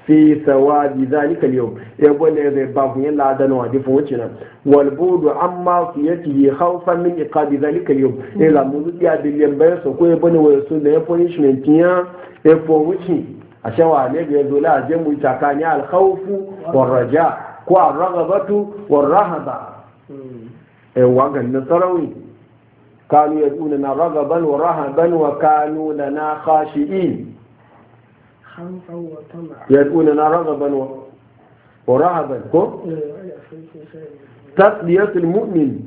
[SPEAKER 1] في ثواب ذلك اليوم يقول لي باب يلا دنوا دي فوتنا والبود عما فيته خوفا من إقاب ذلك اليوم إذا مزيد يا باليوم بيسكو يبني ويسو ده punishment يا يفوتني a shawa ne ga yazo la je mu takani al khawfu war raja ko ar raghabatu war rahaba hmm. eh wagan na sarawi kanu yaduna raghaban wa rahaban wa kanu lana khashiin يدعوننا رغبا ورهبا تسلية المؤمن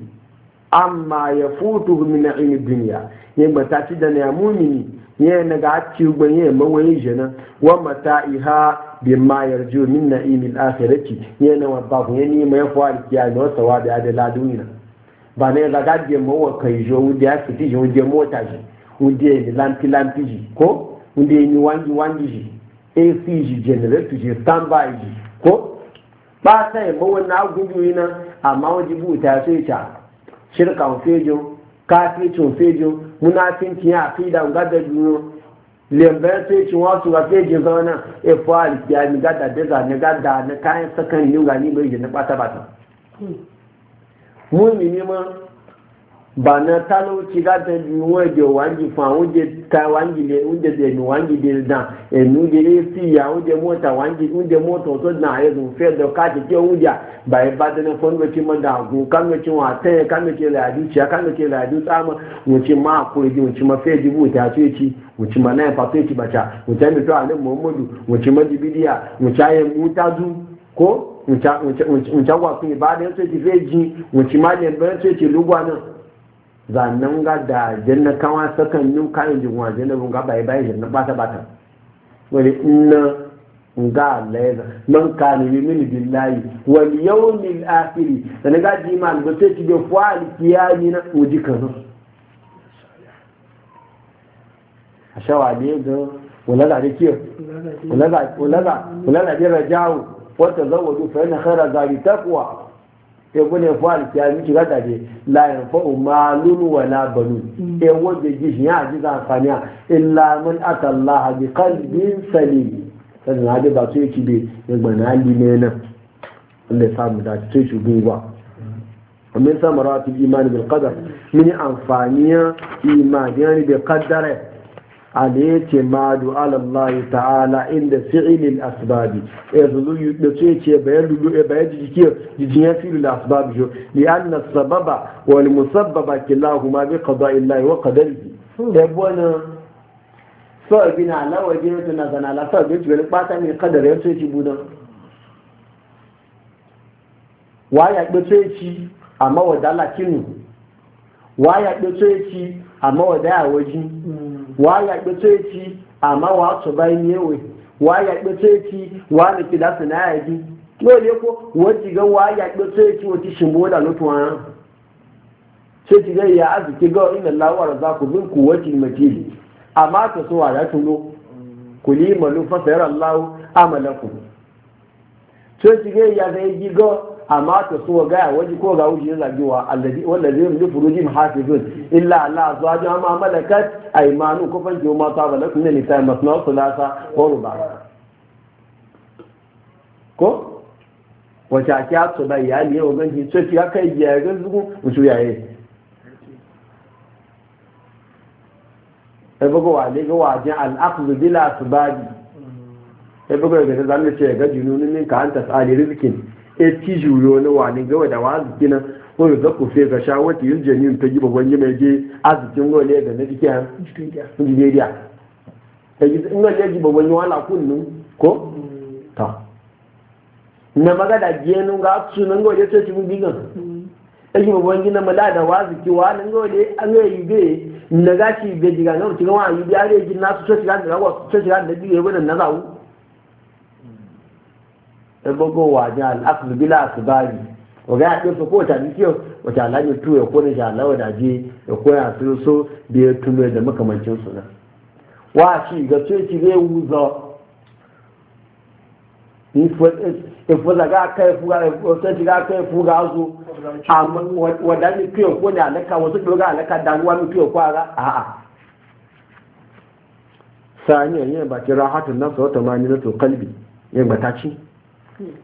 [SPEAKER 1] أما يفوته من نعيم الدنيا يما تاتي دنا مؤمني ye na ga ci gban yin mawaye na wa mata iha bi ma yarju min al akhirati ye na ba ye ni ma ya al kiya na wata wa ade la dunina ba ne ga gaje mo wa kai jo wudi ya fiti jo wudi mota ji wudi ni lan ti ji ko wudi ni ji wan ji ac ji generator ji ba ji ko ba sai mu wannan gudu ina amma wajibu ta sai ta shirka fejo kafircin fejo munafinci ya fi da gada biyu lembe sai cin wasu ga sai jin e fa alkiya ni gada da za ni na kayan sakan ni ga ni bai je na bata bata mun ni hmm. ma ba na talauci ga ta bi wọ́n jẹ wáńjì fún àwọn oúnjẹ ta wáńjì lé oúnjẹ tẹ̀ ní wáńjì lé dàn ẹ̀nu yẹlé sí ìyá oúnjẹ mọ́ta wáńjì oúnjẹ mọ́ta tó dàn ayé tó fẹ́ dọ̀ káàtì tí oúnjẹ bàyẹ̀ bá tẹ̀lé fún mi e e tí e mo dà gùn kánú tí wọn àtẹ̀yẹ kánú tí rẹ̀ àdú tíya kánú tí rẹ̀ àdú sáà mo ti máa kó èdè mo ti máa fẹ́ dìbò tí a tó etí mo ti máa náà fàtó etí bàtà mo ti ẹni tó alẹ́ mọ́mọ́dù mo ti mọ́ dibidiya mo ti ayẹ mo tájú kó mo ti wà fún ìbáraẹni tó ti fẹ́ jin mo ti má ti zannan ga da janna kawa sakan nun kayan jinwa janna bun ga bai bai janna ba ta wani inna nga laiza man kana min billahi wal yawmil akhir dan ga ji ma ba sai ki ga fa'al kiyami na uji kan ashawa ne ga wala da kiyo wala da wala da wala da rajawo wa tazawwaju fa inna khayra zalika taqwa ewu ne fún àlùkí àmì ìṣúra tàbí láyìn fún òmàlúnu wà lábàlú ewu jẹjì ṣìyà àjíṣà àǹfààní à bi sali àbí kálíbí ń sẹlẹ̀ sẹlẹ̀ náà adébà tó yẹ kíbe ẹgbẹ̀ náà lé mẹ́nà ilẹ̀ sáàmù dá tó yẹ ṣùgbọ́n wa. min mm. samara ti imani bil qadar mm. min amfaniya imani bil qadar ada ya ce ma Allah ta'ala inda fi'ilin asbabi yanzu e, zuwa yi da ce ce bayan dubu a e, bayan jijikiyar jijiyar fi'ilin asbabi shi li anna sababa wal musabbaba kallahu ma bi qada illahi wa qadarihi dai e, bwana so ibn ala wa jinatu na zana la so ibn jibril ba ta ni qadar ya ce ci budan wa ya ga ce ci amma wa dalakin wa ya ga ce ci amma wa da waji wa ya gbeto eki amma wa to bai ne we wa ya gbeto eki wa ne ki da sana ya ji no le ko wo ti ga wa ya gbeto eki wo ti shimbo da lutu an sai ti ga ya azki ga inna Allah wa razaku bin quwwati majid amma ka so wa da tuno kuli malu fa sayara Allah amalakum ya zai ji amma ta so ga waje ko ga wuji yana zagewa allazi wallazi hum li furujihim hafizun illa ala azwajihim ma malakat aymanu ko fanke ma ta ba lakum ne ta masna sulasa wa ruba ko wace a kya su bai ya liye wajen ki ce ya kai ya ga zugu Ya yaye sai bugu wale ga wajen al'aqdu bila asbabi sai bugu ga zan ce ga jununin ka anta sali rizkin e ti juyo na wani gawa da wazi kina ko zaku fe ga shawati yin jami'in ta giba wani mai je arzikin gole ga na jike han nigeria ta gizo in gaje ko ta na magada genu ga su nan ta gina mala da wani yi na gashi be diga na ci ga yi biya ne gina su ta da na zawo gbogbo wa ni al'akulu bila asubari oga ya ɗinsu ko wata bikiyo wata alaƙi tu ya kone shi alawa da je ya so da ga ce ki zai wuzo ifuza ga kai fuga sai shiga ko ne alaka wasu kiyo ga alaka da ruwa ni kiyo ko ga a'a sani yayin ba kira hatun nasa wata mani na to kalbi yayin ba ci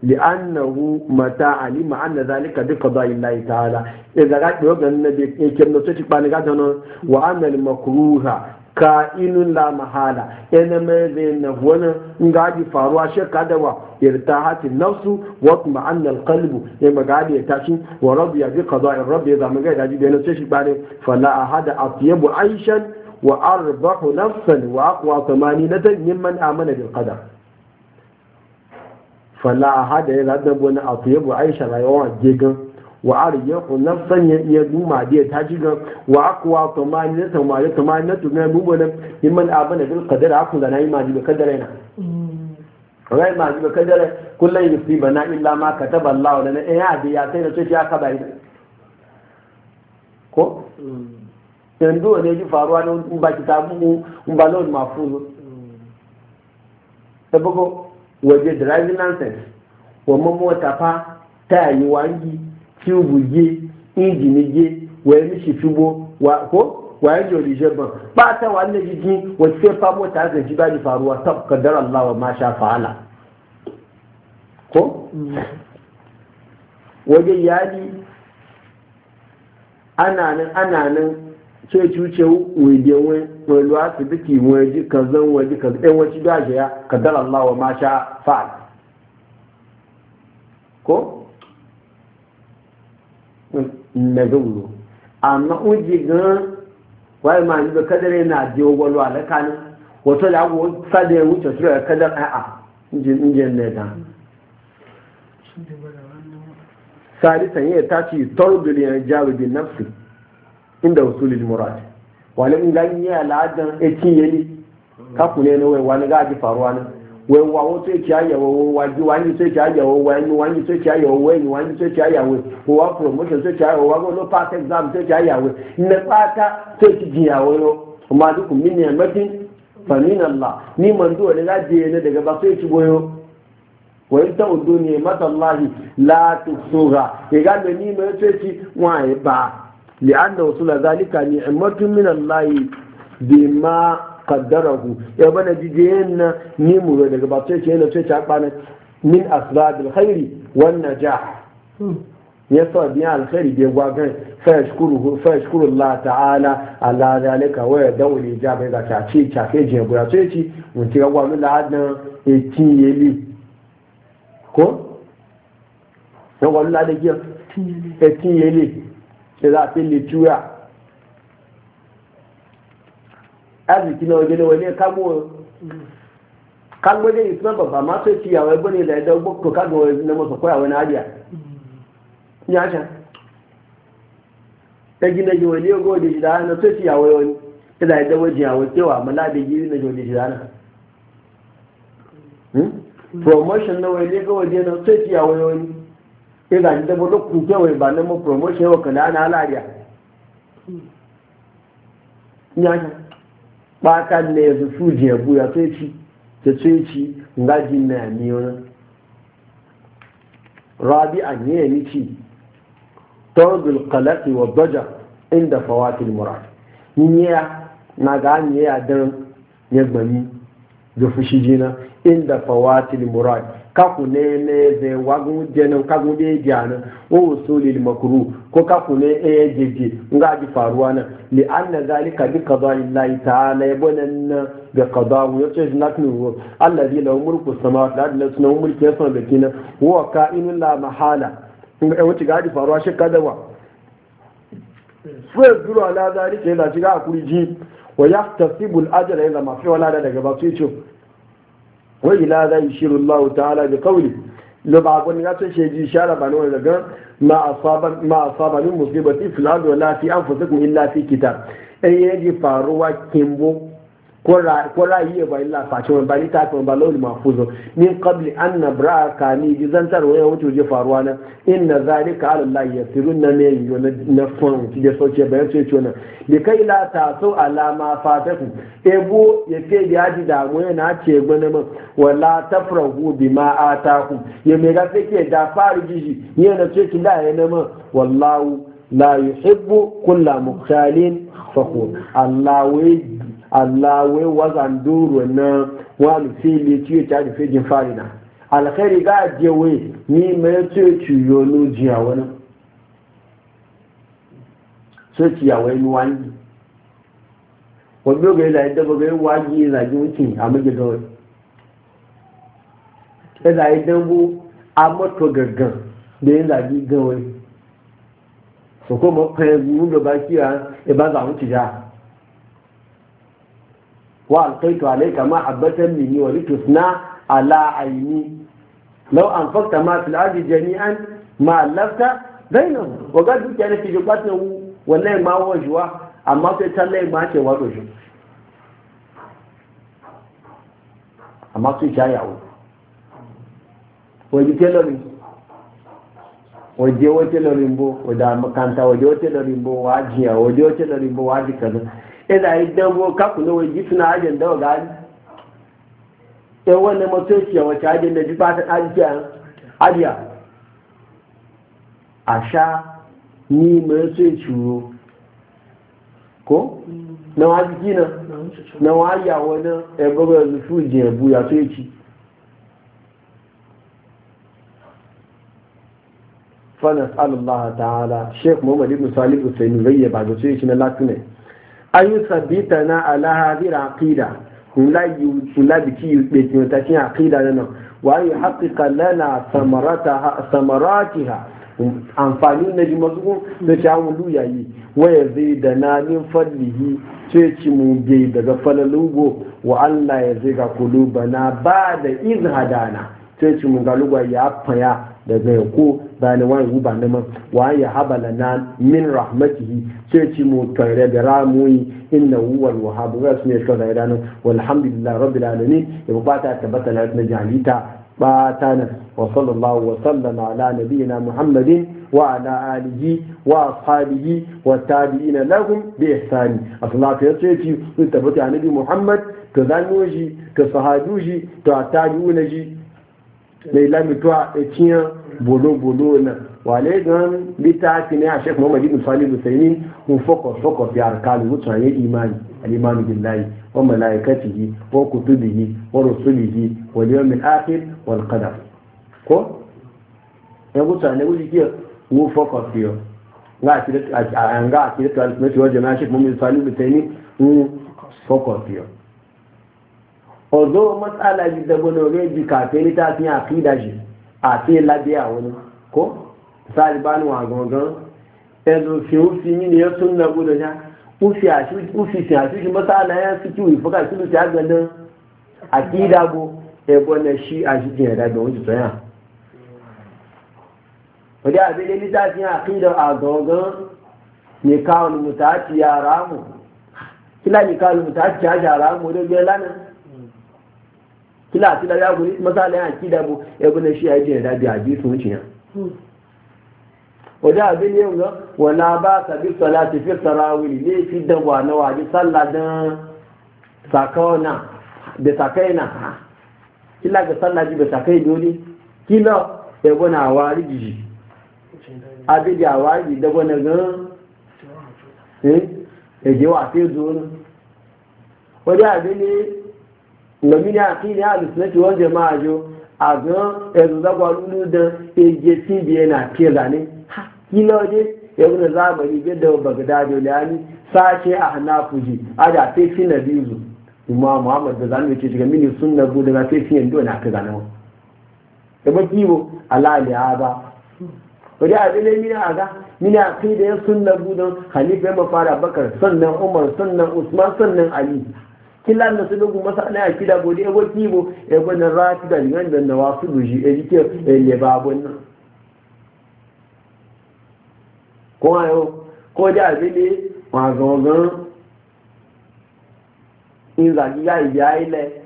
[SPEAKER 1] li'annahu mata alima anna zalika bi qada'i Allah ta'ala idza ga do ga nabi ke kem no tati bani ga dono wa anna al makruha ka'inun la mahala ina mai zai na wani ngaji faruwa shekka da wa irtahati nafsu wa kuma annal qalbu ya magadi ya tashi wa rabbi ya bi qada'in rabbi ya zama gaida ji da yana ce shi bane fala ahada atyabu aishan wa arbahu nafsan wa aqwa thamanina mimman amana bil qadar fala hada ya zaɗa wani abu ya bu aisha rayuwa gegan wa ku nafsan ya iya duma da ta ji gan wa akwa to na tamani tamani ne tunan dubo nan himman abin da bil qadara aku da nayi maji ka qadara na rai maji bil kullai yusi bana illa ma kataba Allah ne? eh ya ya sai da ce ya kaba ko yanzu ne ji faruwa ne in ba kitabu in ba lawal mafuzo sabako waje driving license wa mamuwa fa ta yi wangi tubu je injini je wa yi mishi tubo wa ko wa yi jori ban ba ta wa ne jiki wa ce fa mota ta zanci ba ni faruwa ta kaddar Allah wa masha fa'ala ko waje yadi ana nan ana nan sai cuce wege wani asibiti waje kazan waje kazan ɗan eh, wace gashi ya kadar Allah wa masha fa'al ko? na gauro amma uji gan wai ma ni da kadare na je gwalo alaka ne wato da agwo sada ya wuce sura kadar a'a injin injin ne da sari sanye ta ce tarbiyyar jawi bin nafsi inda usulil murad wale in ga yi aladan e ti ni? ka kule ne wai wani ga ji faruwa ne wai wa wato e ki ayawo wa ji wani sai ki ayawo wa wani sai ki ayawo wa wani sai ki ayawo ko wa promotion sai ki ayawo wa no pass exam sai ki ayawo ne pata sai ki jiyawo yo kuma duk min ne matin famin Allah ni man do ne ga ne daga ba sai ki boyo wa ta udu ne matallahi la tusuga e ga ni me sai ki wa ba li'anna wasula zalika ni'matun min Allah bima qaddarahu ya bana jijiyen ni mu daga ba sai ce na sai ta bana min asbabil khairi wan najah ya sa biya alkhairi bai gwagan fashkuru Allah ta'ala ala zalika waya dauli ja bai ga ta ce ta ke je gura sai ci mun ci gwa mu ladan e ti yeli ko ya gwa ladan ki e ti yeli da za a fi lituya arziki na waje da wani kamo kan waje isma babba ma sai ciya wai bane da idan na masa koya wani hadiya ya wani yago da shida na sai ciya wai wani ta da idan waje ya wacewa mala da gini na jode shida na promotion na wani yago wani sai ga shi dabo lokacin wai ba nan mu promotion wa kala na halariya ba ka ne yanzu fuji ya buya sai ci ta ce ci ngaji na ni wani rabi a ne ya nici tawdul qalaqi wa daja inda fawatil murad ni ya na ga ni ya dan ya gbani da fushi jina inda fawatil murad kaku ne ne ze wagun jenin kaku ne jana o usuli makru ko kaku ne e jeje nga ji faruwa nan li anna zalika bi qada'i llahi ta'ala yabunan bi qada'i yace naknu alladhi lahu mulku samawati wal ardi lahu mulku yasma bakina huwa ka'inun la mahala e wuce ga ji faruwa shi kadawa fa duru ala zalika yana shiga akuri ji wa yahtasibu al ajra ila ma fi wala daga ba su yace wa ila za yushiru Allah ta'ala bi qawli lo ba ko ni ga to sheji shara ba no daga ma asaba ma asaba min musibati fil ardi wala fi anfusikum illa fi kitab ay faruwa kimbo ko yi ba illa face wani ba ni tafi wani ba launi mafuzo min qabli an na bra ka ni gizantar wani wuce je faruwa na in na zari ka ala layi ya sirun na ne yi na fon ki je sauke bayan ce ce na da kai la ta so alama fata ku ebo ya ke ya ji damu ya na ce gwani ma wala ta farahu bi ma a ta ku ya mai ga ke da fari jiji ya na ce ki da ya na man wallahu la yuhibbu kulla mukhtalin fakhur Allah wai Allah wazan na wani fili ciye ta rufe jin farina alkhairi ga je wai ni mai ce ciyo no a wani so ciya wai ni wani wani ga yana da ga yi wani ji wucin a mage da wani yana yi dambu a mato gaggan da yana ji gawai so kuma fahimci da bakiya a, ba za ci ja wa alkaitu alaika mahabbatan minni wa litusna ala aini law anfaqta ma fil ardi jami'an ma allafta bainahum wa ga dukiya ne fiji kwatna wallahi ma wajuwa amma sai tallai ma ce wato shi amma sai jayawo waje tailoring waje wa tailoring bo wajen makanta waje wa tailoring bo wa waje bo ina yi dambo na waje suna ajin dawa ga hali ɗan e wannan matsoci a wace ajin da ji fatan ajiya a sha ni mai so ciro ko na waje gina na waya wani ebogo da zufu jebu ya so ci fanas allah ta'ala sheikh muhammad ibn salih usaini zayyaba da so ci na ayu sabita na ala hadhihi aqida la biki bekin ta cin aqida nan wa ayu haqiqa lana samarataha samaratiha amfani na ji masu da ya duyayi waya zai da na min fadlihi ce ci mu bai daga falalugo wa Allah ya zai ga kulubana ba da izhadana ce ci mu ga ya faya daga ya ko ba ni wani guba ne ma wa ya habala na min rahmatihi ce ci mu tare da ramuyi inna huwal wahhab wa asmi ka da idanu walhamdulillahi rabbil alamin ya ba ta tabbata na da jalita ba ta na wa sallallahu wa sallama ala nabiyina muhammadin wa ala alihi wa ashabihi wa tabi'ina lahum bi ihsani Allah ya ce ci mu tabbata na muhammad to zanuji to sahaduji to atabi'una ji mai lamituwa a ciyan bolo-bolo na wale gan littafi ne a shek muhammadu ibn salih husaini mun fokos fokos ya arkalu mutane imani al-imanu billahi wa malaikatihi wa kutubihi wa rusulihi wa yawmil akhir wal ko ya mutane wuji ke mun fokos biyo nga akidatu a nga akidatu al-sunnah wal jama'a shek muhammadu salih husaini mun fokos ozo matsala ji da gwano ne ji kafin ta da shi a fi labiya wani ko misali ba fi ni ne ya sun na gudu na fi kiwi fuka shi su da go ya gwana shi a shi ke da wani tsoya wani abin da ni ta fi a fi da kila ti da yago masala ya ki da bu e shi ya je da bi hadisi sun cinya oda abin yau ga wala ba ka bi salati fi tarawih ne fi da wa na waji sallah dan sakona da sakaina kila ga sallah ji ba sakai dole kila e bu na wari ji abin da wari da bu na ga eh e je wa fi zuwa oda abin ne lọ́mí ní àkíní àlùsílẹ̀ tí wọ́n jẹ máa yọ àgbọn ẹ̀rù lágbà dán èjì tí ibi ẹ̀ kí ẹ̀dá ní kí lọ́dé ẹ̀rù náà záàmù ìgbé dẹ̀wọ̀ bàgàdà àjọlẹ̀ á ní sáṣẹ́ àhànà fùjì fi ìmọ̀ da zamu shiga mini sun na gudu na sai yin dole na ka zanen wa a ba wani a zai mini a ga mini sun na bakar sannan umar sannan usman sannan ali kila na su lugu masa na akida godi ego kibo ego na rati da liman da na wasu luji e dike e le babun nan ko ayo ko da bele wa gongan in za yi ya ya ile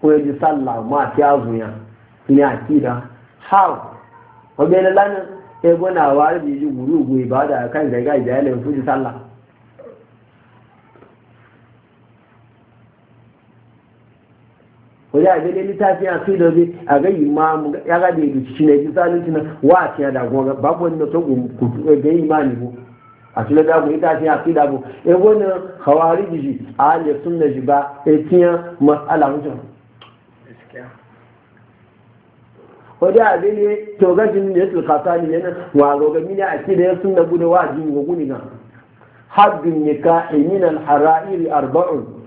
[SPEAKER 1] ko ya di salla ma ti azuya ni akida how o be le lana ya na wa bi ju guru gu ibada kan ga ga ya ile fuji sallah wajen abin da littafi a su da zai a ga imamu ya ga da yadda shi ne ji zalunci na wa ce da kuma babu wani nasu ga imani ko a tula da mu ita ce a su da mu e wani hawari jiji a hanyar sun da ji ba e tiya mas'ala mutum wajen abin da to gajin ya tulkasa ne yana wa gogami ne a ce da ya sun da bude wa jin gogu ne na haddun nikahi min al-hara'iri arba'un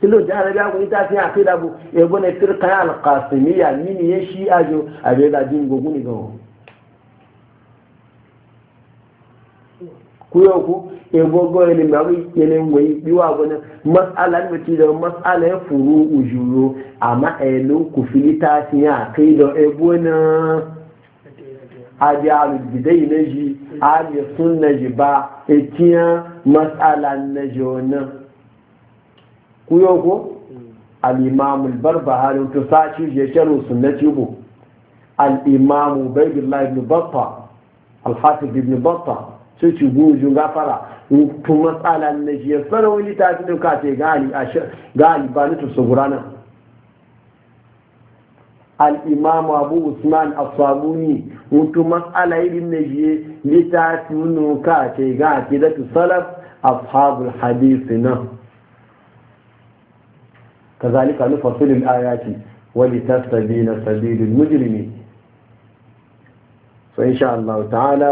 [SPEAKER 1] kilo jihar arabiya kun ta fi hafi da bu ya gune firka ya alƙasimiya mini ya shi ajo a bai da jin gogu ne gawo kuyo ku ya gogo ya nemi abu ya nemi wai biwa gune matsala ne ci da matsala ya furu ujuro amma elu ku filita fi ya kai da ebo na adi alubidai na ji abi sun na ji ba etiyan matsala na ji wannan kuyo ko al-imam al-barbahari to sashi je kero sunnati bu al-imam ubaydullah ibn battah al-hafiz ibn battah sai ci guju gafara to matsala ne je fara wani ta ci duka ce ga ali ga al-bani to sugurana al-imam abu usman as-sabuni to matsala irin ne je litafi nuka ce ga akidatu salaf ashabul hadith na kazalika nufasilul ayati wali tastabina sabilul mujrimin so insha Allah ta'ala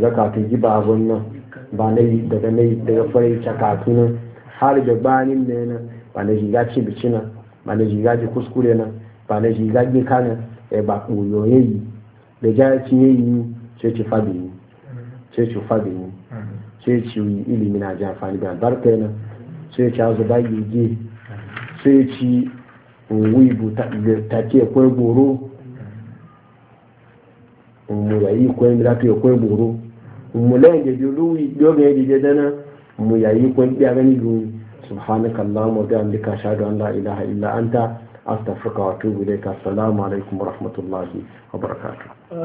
[SPEAKER 1] ga kafin ji ba nan ba na yi daga na yi daga nan har da banin da yana ba na shiga ci nan ba shiga ji kuskure nan ba shiga ji kana ya ba koyo ya da jayaci ya yi ce ci fabi ne ce ci fabi ne ce ci ilimi na ji amfani da albarka yana ce ci azu ba yi ji sai ci wibu ta ke kwai goro mu yayi kwai mira ke kwai goro mu la yake luwi jo ga yake je dana mu yayi kwai biya gani du subhanaka allahumma wa bihamdika ashhadu an la ilaha illa anta astaghfiruka wa atubu ilayka assalamu alaikum wa rahmatullahi wa barakatuh